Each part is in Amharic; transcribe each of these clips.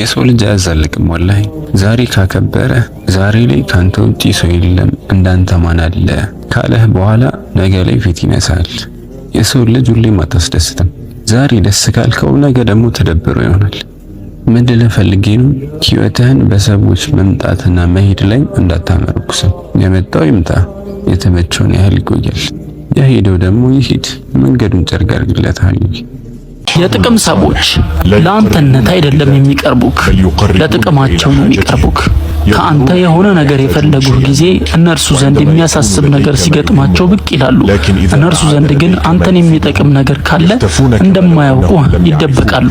የሰው ልጅ አያዛልቅም። ወላሂ ዛሬ ካከበረ ዛሬ ላይ ካንተ ውጪ ሰው የለም እንዳንተ ማን አለ ካለህ በኋላ ነገ ላይ ፊት ይነሳል። የሰው ልጅ ሁሌም አታስደስትም። ዛሬ ደስ ካልከው ነገ ደግሞ ተደብሮ ይሆናል። ምድ ለፈልጌ ነው ህይወትህን በሰዎች መምጣትና መሄድ ላይ እንዳታመረኩስ። የመጣው ይምጣ፣ የተመቸውን ያህል ይቆያል። የሄደው ደግሞ ይሂድ፣ መንገዱን ጨርቅ አድርግለታል። የጥቅም ሰዎች ለአንተነት አይደለም የሚቀርቡክ፣ ለጥቅማቸው ነው የሚቀርቡክ። ከአንተ የሆነ ነገር የፈለጉህ ጊዜ እነርሱ ዘንድ የሚያሳስብ ነገር ሲገጥማቸው ብቅ ይላሉ። እነርሱ ዘንድ ግን አንተን የሚጠቅም ነገር ካለ እንደማያውቁ ይደበቃሉ።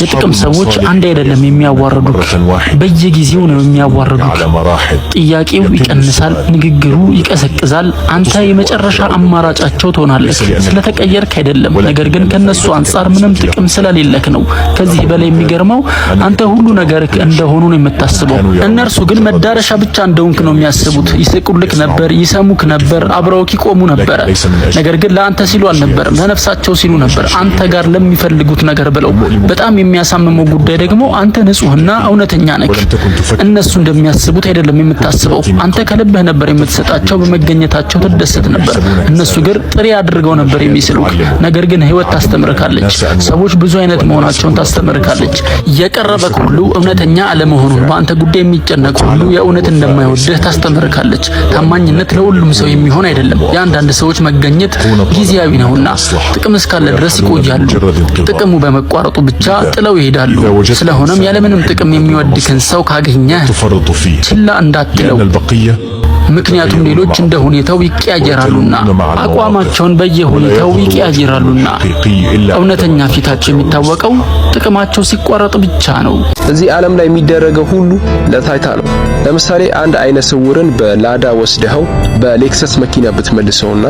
የጥቅም ሰዎች አንድ አይደለም የሚያዋርዱክ፣ በየጊዜው ነው የሚያዋርዱክ። ጥያቄው ይቀንሳል፣ ንግግሩ ይቀሰቅዛል አንተ የመጨረሻ አማራጫቸው ትሆናለህ። ስለተቀየርክ አይደለም፣ ነገር ግን ከነሱ አንጻር ምንም ጥቅም ስለሌለክ ነው። ከዚህ በላይ የሚገርመው አንተ ሁሉ ነገር እንደሆኑ ነው የምታስበው። እነርሱ ግን መዳረሻ ብቻ እንደሆንክ ነው የሚያስቡት። ይስቁልክ ነበር፣ ይሰሙክ ነበር፣ አብረውክ ይቆሙ ነበረ። ነገር ግን ለአንተ ሲሉ አልነበረም፣ ለነፍሳቸው ሲሉ ነበር፣ አንተ ጋር ለሚፈልጉት ነገር ብለው። በጣም የሚያሳምመው ጉዳይ ደግሞ አንተ ንጹህና እውነተኛ ነክ። እነሱ እንደሚያስቡት አይደለም የምታስበው። አንተ ከልብህ ነበር የምትሰጣቸው፣ በመገኘታቸው ትደሰት ነበር። እነሱ ግን ጥሪ አድርገው ነበር የሚስሉክ። ነገር ግን ህይወት ታስተምርካለች። ሰዎች ብዙ አይነት መሆናቸውን ታስተምርካለች። የቀረበክ ሁሉ እውነተኛ አለመሆኑን፣ በአንተ ጉዳይ የሚጨነቅ ሁሉ የእውነት እንደማይወድህ ታስተምርካለች። ታማኝነት ለሁሉም ሰው የሚሆን አይደለም። የአንዳንድ ሰዎች መገኘት ጊዜያዊ ነውና ጥቅም እስካለ ድረስ ይቆያሉ። ጥቅሙ በመቋረጡ ብቻ ጥለው ይሄዳሉ። ስለሆነም ያለምንም ጥቅም የሚወድክን ሰው ካገኘ ችላ እንዳትለው። ምክንያቱም ሌሎች እንደ ሁኔታው ይቀያየራሉና አቋማቸውን በየሁኔታው ይቀያየራሉና እውነተኛ ፊታቸው የሚታወቀው ጥቅማቸው ሲቋረጥ ብቻ ነው። እዚህ ዓለም ላይ የሚደረገው ሁሉ ለታይታ ነው። ለምሳሌ አንድ አይነ ስውርን በላዳ ወስደኸው በሌክሰስ መኪና ብትመልሰውና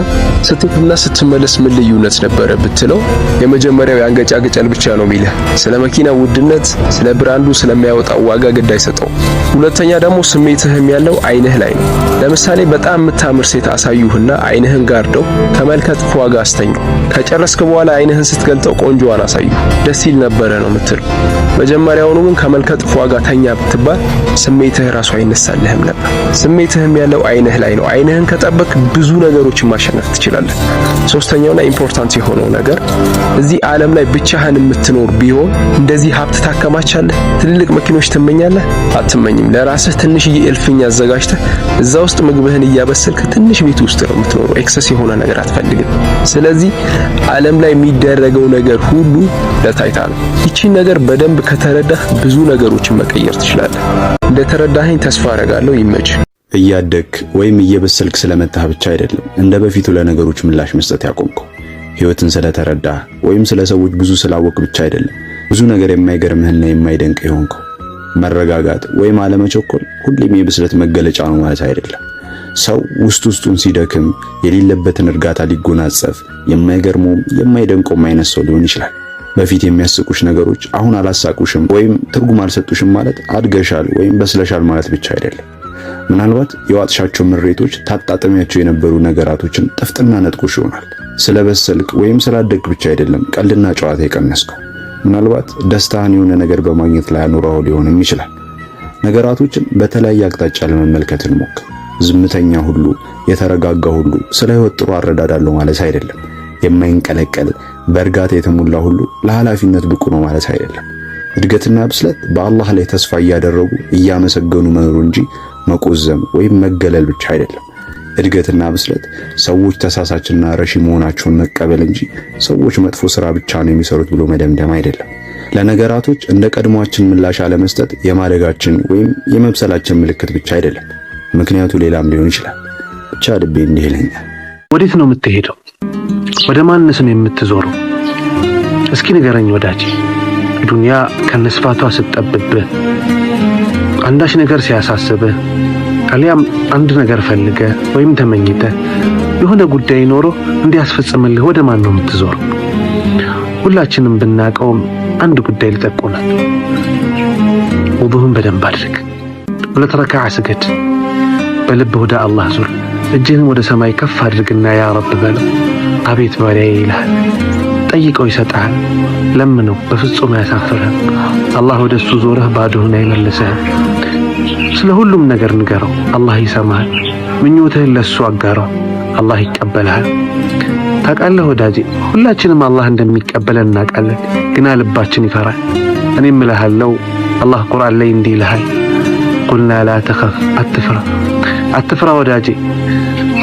ስትሄድና ስትመለስ ምን ልዩነት ነበረ ብትለው የመጀመሪያው ያንገጫገጫል ብቻ ነው የሚልህ። ስለ መኪና ውድነት፣ ስለ ብራንዱ ስለሚያወጣው ዋጋ ግድ አይሰጠው። ሁለተኛ ደግሞ ስሜትህም ያለው አይንህ ላይ ነው። ለምሳሌ በጣም የምታምር ሴት አሳዩህና አይንህን ጋርደው ተመልከት፣ ዋጋ አስተኙ። ከጨረስክ በኋላ አይንህን ስትገልጠው ቆንጆዋን አሳዩ ደስ ይል ነበረ ነው የምትለው። መጀመሪያውኑ ግን ከመልከ ጥፎ ጋር ተኛ ብትባል ስሜትህ ራሱ አይነሳልህም ነበር። ስሜትህም ያለው አይንህ ላይ ነው። አይንህን ከጠበቅ ብዙ ነገሮችን ማሸነፍ ትችላለህ። ሶስተኛውና ኢምፖርታንት የሆነው ነገር እዚህ ዓለም ላይ ብቻህን የምትኖር ቢሆን እንደዚህ ሀብት ታከማቻለህ? ትልልቅ መኪኖች ትመኛለህ? አትመኝም። ለራስህ ትንሽዬ እልፍኝ አዘጋጅተህ እዛ ውስጥ ምግብህን እያበሰልክ ትንሽ ቤት ውስጥ ነው የምትኖረው። ኤክሰስ የሆነ ነገር አትፈልግም። ስለዚህ ዓለም ላይ የሚደረገው ነገር ሁሉ ለታይታ ነው። ይቺን ነገር በደንብ ከተረዳህ ብዙ ነገሮችን መቀየር ትችላለህ። እንደተረዳኸኝ ተስፋ አደርጋለሁ። ይመች። እያደግ ወይም እየበሰልክ ስለመጣህ ብቻ አይደለም እንደ በፊቱ ለነገሮች ምላሽ መስጠት ያቆምከው። ህይወትን ስለተረዳህ ወይም ስለ ሰዎች ብዙ ስላወቅ ብቻ አይደለም ብዙ ነገር የማይገርምህና የማይደንቅ የሆንከው። መረጋጋት ወይም አለመቸኮል ሁሌም የብስለት መገለጫ ነው ማለት አይደለም። ሰው ውስጥ ውስጡን ሲደክም የሌለበትን እርጋታ ሊጎናጸፍ የማይገርመውም የማይደንቀውም አይነት ሰው ሊሆን ይችላል። በፊት የሚያስቁሽ ነገሮች አሁን አላሳቁሽም ወይም ትርጉም አልሰጡሽም ማለት አድገሻል ወይም በስለሻል ማለት ብቻ አይደለም። ምናልባት የዋጥሻቸው ምሬቶች፣ ታጣጥሚያቸው የነበሩ ነገራቶችን ጥፍጥና ነጥቁሽ ይሆናል። ስለበሰልክ ወይም ስላደግ ብቻ አይደለም ቀልድና ጨዋታ የቀነስከው። ምናልባት ደስታህን የሆነ ነገር በማግኘት ላይ አኑረው ሊሆንም ይችላል። ነገራቶችን በተለያየ አቅጣጫ ለመመልከትን ሞክር። ዝምተኛ ሁሉ የተረጋጋ ሁሉ ስለ ህይወት ጥሩ አረዳዳለሁ ማለት አይደለም። የማይንቀለቀል በእርጋታ የተሞላ ሁሉ ለኃላፊነት ብቁ ነው ማለት አይደለም። እድገትና ብስለት በአላህ ላይ ተስፋ እያደረጉ እያመሰገኑ መኖሩ እንጂ መቆዘም ወይም መገለል ብቻ አይደለም። እድገትና ብስለት ሰዎች ተሳሳችና ረሺ መሆናቸውን መቀበል እንጂ ሰዎች መጥፎ ስራ ብቻ ነው የሚሰሩት ብሎ መደምደም አይደለም። ለነገራቶች እንደ ቀድሞአችን ምላሽ አለመስጠት የማደጋችን ወይም የመብሰላችን ምልክት ብቻ አይደለም። ምክንያቱ ሌላም ሊሆን ይችላል። ብቻ ልቤ እንዲህ ይለኛል። ወዴት ነው የምትሄደው? ወደ ማንስ የምትዞረው? እስኪ ንገረኝ ወዳጄ። ዱንያ ከነስፋቷ ስትጠብብህ፣ አንዳች ነገር ሲያሳስብህ፣ አሊያም አንድ ነገር ፈልገ ወይም ተመኝተ የሆነ ጉዳይ ኖሮ እንዲያስፈጽምልህ ወደ ማን ነው የምትዞረው? ሁላችንም ብናቀውም አንድ ጉዳይ ልጠቁናል። ውዱህን በደንብ አድርግ፣ ሁለት ረካዓ ስገድ፣ በልብ ወደ አላህ ዙር፣ እጅህን ወደ ሰማይ ከፍ አድርግና ያ ረብ በለው። አቤት ባሪያዬ ይልሃል። ጠይቀው ይሰጣል። ለምነው በፍጹም አያሳፍርህም። አላህ ወደ እሱ ዞረህ ባዶህን አይመልስህም። ስለ ሁሉም ነገር ንገረው፣ አላህ ይሰማሃል። ምኞትህን ለእሱ አጋረው፣ አላህ ይቀበልሃል። ታውቃለህ ወዳጄ፣ ሁላችንም አላህ እንደሚቀበለን እናውቃለን፣ ግና ልባችን ይፈራል። እኔም እልሃለሁ አላህ ቁርአን ላይ እንዲህ ይልሃል፣ ቁልና ላ ተኸፍ፣ አትፍራ፣ አትፍራ ወዳጄ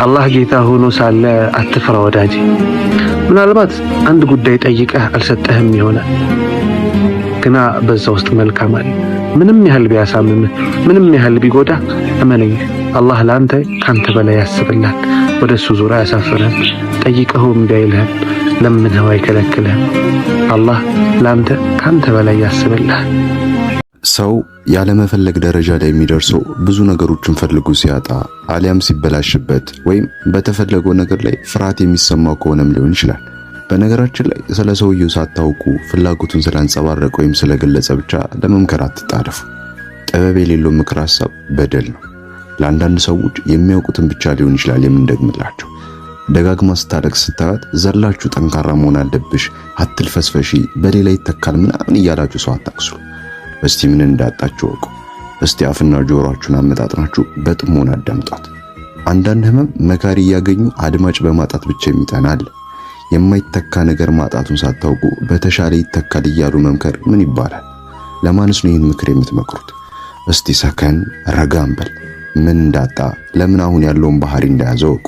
አላህ ጌታ ሆኖ ሳለ አትፍራ ወዳጅ። ምናልባት አንድ ጉዳይ ጠይቀህ አልሰጠህም ይሆናል፣ ግና በዛ ውስጥ መልካም አለ። ምንም ያህል ቢያሳምምህ፣ ምንም ያህል ቢጎዳ፣ እመነኝ አላህ ለአንተ ካንተ በላይ ያስብልሃል። ወደ እሱ ዙር አያሳፍርህም። ጠይቀኸው እምቢ አይልህም። ለምንኸው አይከለክልህም። አላህ ለአንተ ካንተ በላይ ያስብልሃል። ሰው ያለመፈለግ ደረጃ ላይ የሚደርሰው ብዙ ነገሮችን ፈልጎ ሲያጣ አሊያም ሲበላሽበት ወይም በተፈለገው ነገር ላይ ፍርሃት የሚሰማው ከሆነም ሊሆን ይችላል። በነገራችን ላይ ስለ ሰውየው ሳታውቁ ፍላጎቱን ስላንጸባረቀ ወይም ስለገለጸ ብቻ ለመምከር አትጣደፉ። ጥበብ የሌለው ምክር ሀሳብ በደል ነው። ለአንዳንድ ሰዎች የሚያውቁትን ብቻ ሊሆን ይችላል የምንደግምላቸው። ደጋግማ ስታለቅስ ስታያት ዘላችሁ ጠንካራ መሆን አለብሽ፣ አትልፈስፈሺ፣ በሌላ ይተካል ምናምን እያላችሁ ሰው አታቅሱሉ። እስቲ ምን እንዳጣችሁ ወቁ። እስቲ አፍና ጆሮአችሁን አመጣጥናችሁ በጥሞና አዳምጧት። አንዳንድ ህመም መካሪ እያገኙ አድማጭ በማጣት ብቻ የሚጠናል የማይተካ ነገር ማጣቱን ሳታውቁ በተሻለ ይተካል እያሉ መምከር ምን ይባላል? ለማንስ ነው ይህን ምክር የምትመክሩት? እስቲ ሰከን ረጋምበል ምን እንዳጣ ለምን አሁን ያለውን ባህሪ እንደያዘ ወቁ።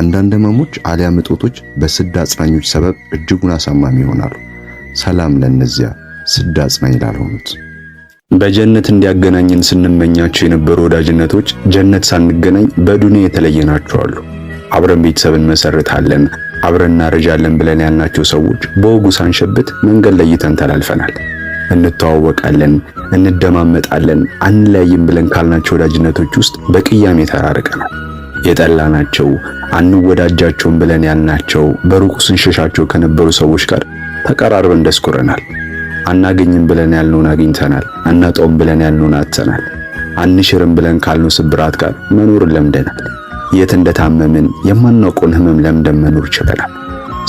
አንዳንድ ህመሞች አሊያም እጦቶች በስድ አጽናኞች ሰበብ እጅጉን አሳማሚ ይሆናሉ። ሰላም ለእነዚያ ስድ አጽናኝ ላልሆኑት። በጀነት እንዲያገናኝን ስንመኛቸው የነበሩ ወዳጅነቶች ጀነት ሳንገናኝ በዱንያ የተለየ ናቸው አሉ። አብረን ቤተሰብ እንመሰርታለን፣ አብረን እናረጃለን ብለን ያልናቸው ሰዎች በወጉ ሳንሸብት መንገድ ለይተን ተላልፈናል። እንተዋወቃለን፣ እንደማመጣለን፣ አንለያይም ብለን ካልናቸው ወዳጅነቶች ውስጥ በቅያሜ ተራርቀናል። የጠላናቸው አንወዳጃቸውም ብለን ያልናቸው በሩቁ ስንሸሻቸው ከነበሩ ሰዎች ጋር ተቀራርበን ደስኩረናል። አናገኝም ብለን ያልነውን አግኝተናል። አናጣውም ብለን ያልነውን አጥተናል። አንሽርም ብለን ካልነው ስብራት ጋር መኖር ለምደናል። የት እንደታመምን የማናውቀውን ህመም ለምደን መኖር ችለናል።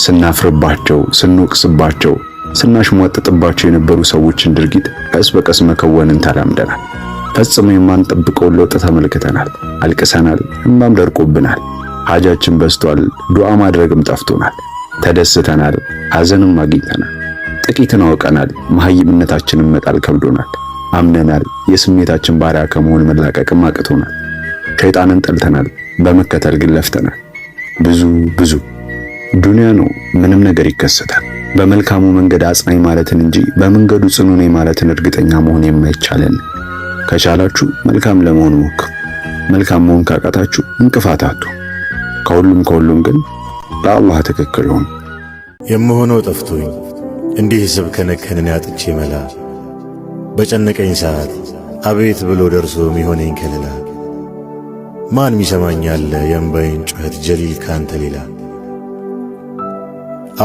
ስናፍርባቸው፣ ስንወቅስባቸው፣ ስናሽሟጥጥባቸው የነበሩ ሰዎችን ድርጊት ቀስ በቀስ መከወንን ተላምደናል። ፈጽሞ የማንጠብቀውን ለውጥ ተመልክተናል። አልቅሰናል፣ እንባም ደርቆብናል። ሐጃችን በስቷል፣ ዱዓ ማድረግም ጠፍቶናል። ተደስተናል፣ ሐዘንም አግኝተናል። ጥቂትን አውቀናል። መሐይምነታችንን መጣል ከብዶናል። አምነናል። የስሜታችን ባሪያ ከመሆን መላቀቅም አቅቶናል። ሸይጣንን ጠልተናል፣ በመከተል ግን ለፍተናል። ብዙ ብዙ ዱንያ ነው። ምንም ነገር ይከሰታል። በመልካሙ መንገድ አጽናኝ ማለትን እንጂ በመንገዱ ጽኑ ነኝ ማለትን እርግጠኛ መሆን የማይቻለን። ከቻላችሁ መልካም ለመሆን ሞክሩ። መልካም መሆን ካቃታችሁ እንቅፋት አቱ። ከሁሉም ከሁሉም ግን በአላህ ትክክል ሆኑ። የምሆነው ጠፍቶኝ እንዲህ ስብ ከነከንን ያጥቼ መላ በጨነቀኝ ሰዓት አቤት ብሎ ደርሶ ሚሆነኝ ከለላ ማን ሚሰማኛለ የእምባዬን ጩኸት ጀሊል ካንተ ሌላ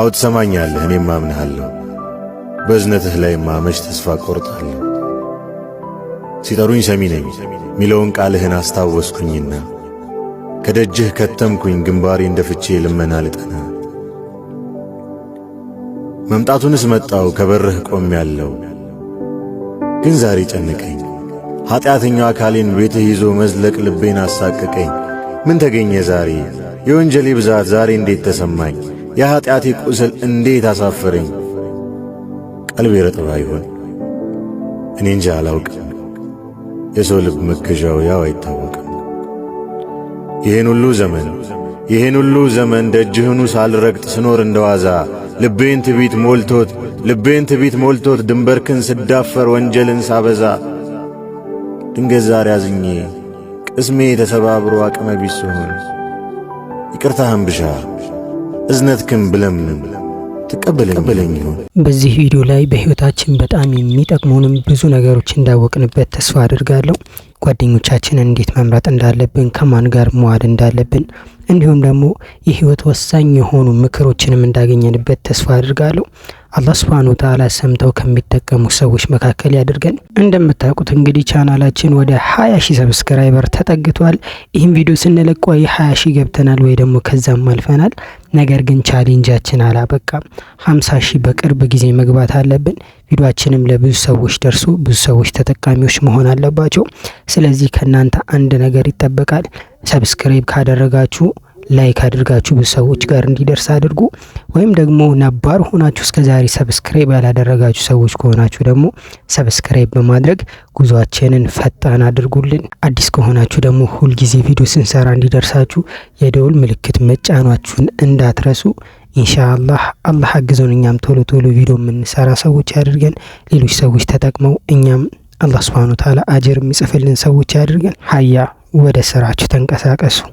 አውት ትሰማኛለህ እኔም አምንሃለሁ በእዝነትህ ላይ መች ተስፋ ቆርጣለሁ ሲጠሩኝ ሰሚ ነኝ ሚለውን ቃልህን አስታወስኩኝና ከደጅህ ከተምኩኝ ግንባሬ እንደፍቼ ልመና ልጠና መምጣቱንስ መጣው ከበርህ ቆም ያለው ግን ዛሬ ጨንቀኝ ኀጢአተኛው አካሌን ቤትህ ይዞ መዝለቅ ልቤን አሳቀቀኝ። ምን ተገኘ ዛሬ የወንጀሌ ብዛት ዛሬ እንዴት ተሰማኝ? የኀጢአቴ ቁስል እንዴት አሳፈረኝ? ቀልቤ ረጥባ ይሆን እኔ እንጂ አላውቅም። የሰው ልብ መገዣው ያው አይታወቅም። ይህን ሁሉ ዘመን ይህን ሁሉ ዘመን ደጅህኑ ሳልረግጥ ስኖር እንደዋዛ ልቤን ትቢት ሞልቶት ልቤን ትቢት ሞልቶት ድንበርክን ስዳፈር ወንጀልን ሳበዛ ድንገት ዛሬ አዝኜ ቅስሜ ተሰባብሮ አቅመ ቢስ ስሆን ይቅርታህን ብሻ እዝነትክን ብለምን ተቀበለኝ በዚህ ቪዲዮ ላይ በሕይወታችን በጣም የሚጠቅሙንም ብዙ ነገሮች እንዳወቅንበት ተስፋ አድርጋለሁ። ጓደኞቻችን እንዴት መምረጥ እንዳለብን፣ ከማን ጋር መዋል እንዳለብን እንዲሁም ደግሞ የህይወት ወሳኝ የሆኑ ምክሮችንም እንዳገኘንበት ተስፋ አድርጋለሁ። አላህ ስብሃነ ወተዓላ ሰምተው ከሚጠቀሙ ሰዎች መካከል ያድርገን። እንደምታውቁት እንግዲህ ቻናላችን ወደ ሀያ ሺህ ሰብስክራይበር ተጠግቷል። ይህም ቪዲዮ ስንለቅ ወይ ሀያ ሺህ ገብተናል ወይ ደግሞ ከዛም አልፈናል። ነገር ግን ቻሌንጃችን አላበቃም። ሀምሳ ሺህ በቅርብ ጊዜ መግባት አለብን። ቪዲዮችንም ለብዙ ሰዎች ደርሶ ብዙ ሰዎች ተጠቃሚዎች መሆን አለባቸው። ስለዚህ ከእናንተ አንድ ነገር ይጠበቃል። ሰብስክራይብ ካደረጋችሁ ላይክ አድርጋችሁ ብዙ ሰዎች ጋር እንዲደርስ አድርጉ። ወይም ደግሞ ነባር ሆናችሁ እስከዛሬ ሰብስክራይብ ያላደረጋችሁ ሰዎች ከሆናችሁ ደግሞ ሰብስክራይብ በማድረግ ጉዟችንን ፈጣን አድርጉልን። አዲስ ከሆናችሁ ደግሞ ሁልጊዜ ቪዲዮ ስንሰራ እንዲደርሳችሁ የደውል ምልክት መጫኗችሁን እንዳትረሱ። ኢንሻአላህ አላህ አግዞን እኛም ቶሎ ቶሎ ቪዲዮ የምንሰራ ሰዎች ያድርገን። ሌሎች ሰዎች ተጠቅመው እኛም አላህ ስብሃነ ወተዓላ አጀር የሚጽፍልን ሰዎች ያድርገን። ሀያ ወደ ስራችሁ ተንቀሳቀሱ።